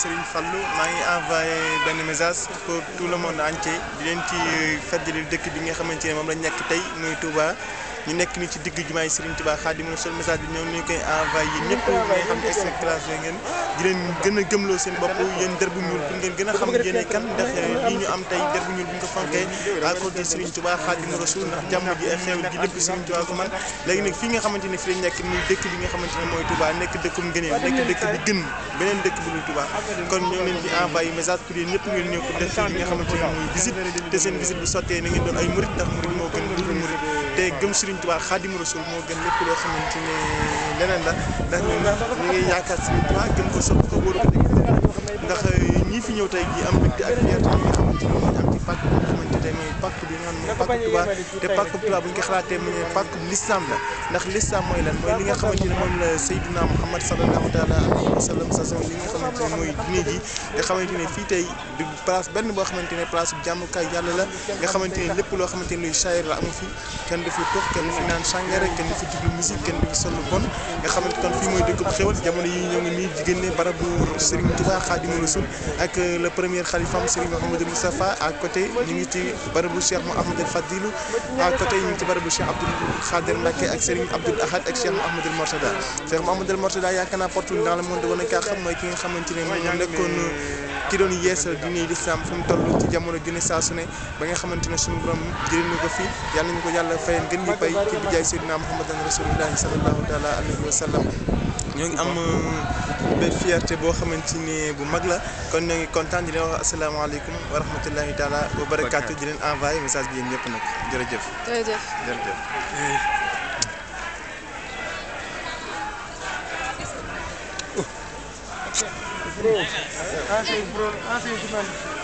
Serigne Fallou maa ngi envoyé benn message pour tout le monde entier di leen ci fàttali dëkk bi nga xamante ne moom lañ nekk tey muy Touba. ñu nekk nii ci digg jumaay Serigne Touba Xaadimu Rasuul message bi ñoo ngi koy envoyé ñëpp ñi nga xam ne extraterrestre ngeen di leen gën a gëmloo seen bopp yéen der bu ñuul pour ngeen gën a xam yéen kan ndax lii ñu am tey der bu ñuul bu ñu ko fonkee à cause de Serigne Touba Xaadimu Rasuul ndax jàmm ji ak xew ji lépp Serigne Touba ko man léegi nag fii nga xamante ni fi lañ nekk muy dëkk bi nga xamante ne mooy Touba nekk dëkkum ngëneel nekk dëkk bi gën beneen dëkk bu dul Touba kon ñoo leen di envoyé message pour yéen ñëpp ngeen ñëw ko def li nga xamante ne mooy visite te seen visite bu sottee na ngeen doon ay murit ndax murit moo gën dul murit te gëm Serigne Touba Xaadimu Rasuul moo gën lépp loo xamante ne leneen la ndax mu ñu ngi yaakaar Serigne Touba gëm ko sopp ko wóor ndax ñi fi ñëw tey jii am mbégte ak fierté yi nga xamante ne am ci fànn boo xamante bi nga xam ne mooy pàkk Tuubaa te pàkk Tuubaa bu ñu ko xalaatee mu ne pàkk lislaam la ndax lislaam mooy lan mooy li nga xamante ne moom la Seydina Muhammad sallallahu taala alayhi wa sallam sa son li nga xamante ne mooy diine ji nga xamante ne fii tey du place benn boo xamante ne place bu jàmmukaay yàlla la nga xamante ne lépp loo xamante ne luy saayir la amu fi kenn du fi toog kenn du fi naan sàngara kenn du fi déglu musique kenn du fi sol bon nga xamante kon fii mooy dëkk bu xewal jamono yi ñoo ngi nii jigéen ne barabu Serigne Touba Khadimou Rassoul ak le premier xalifam Serigne Mouhamadou Moustapha à côté ñu ngi ci barabu Cheikh Mouhamadul Fadilu à ah, côté ñu ngi ci barabu Cheikh Abdoul Khader Mbacké ak Serigne Abdoul Ahad ak Cheikh Mouhamadul Morsada Cheikh Mouhamadul Morsada yaakaar naa partout dans kaa xam mooy ki nga xamante ne moo nekkoon ki doon yeesal diine lislaam fu mu ci jamono junne saa ba nga xamante ne suñu borom ko fii yàlla nañu ko yàlla fayal gën ñu bay ci bijaay Seydina Mouhamadan Rasulullahi sallallahu taala alayhi wa ñoo ngi am euh, benn fierté boo xamante ni bu mag la kon ñoo ngi kontaan di leen wax asalaamaaleykum wa rahmatullahi taala wa barakaatu di leen envoyé message bi yéen ñëpp nag jërëjëf. jërëjëf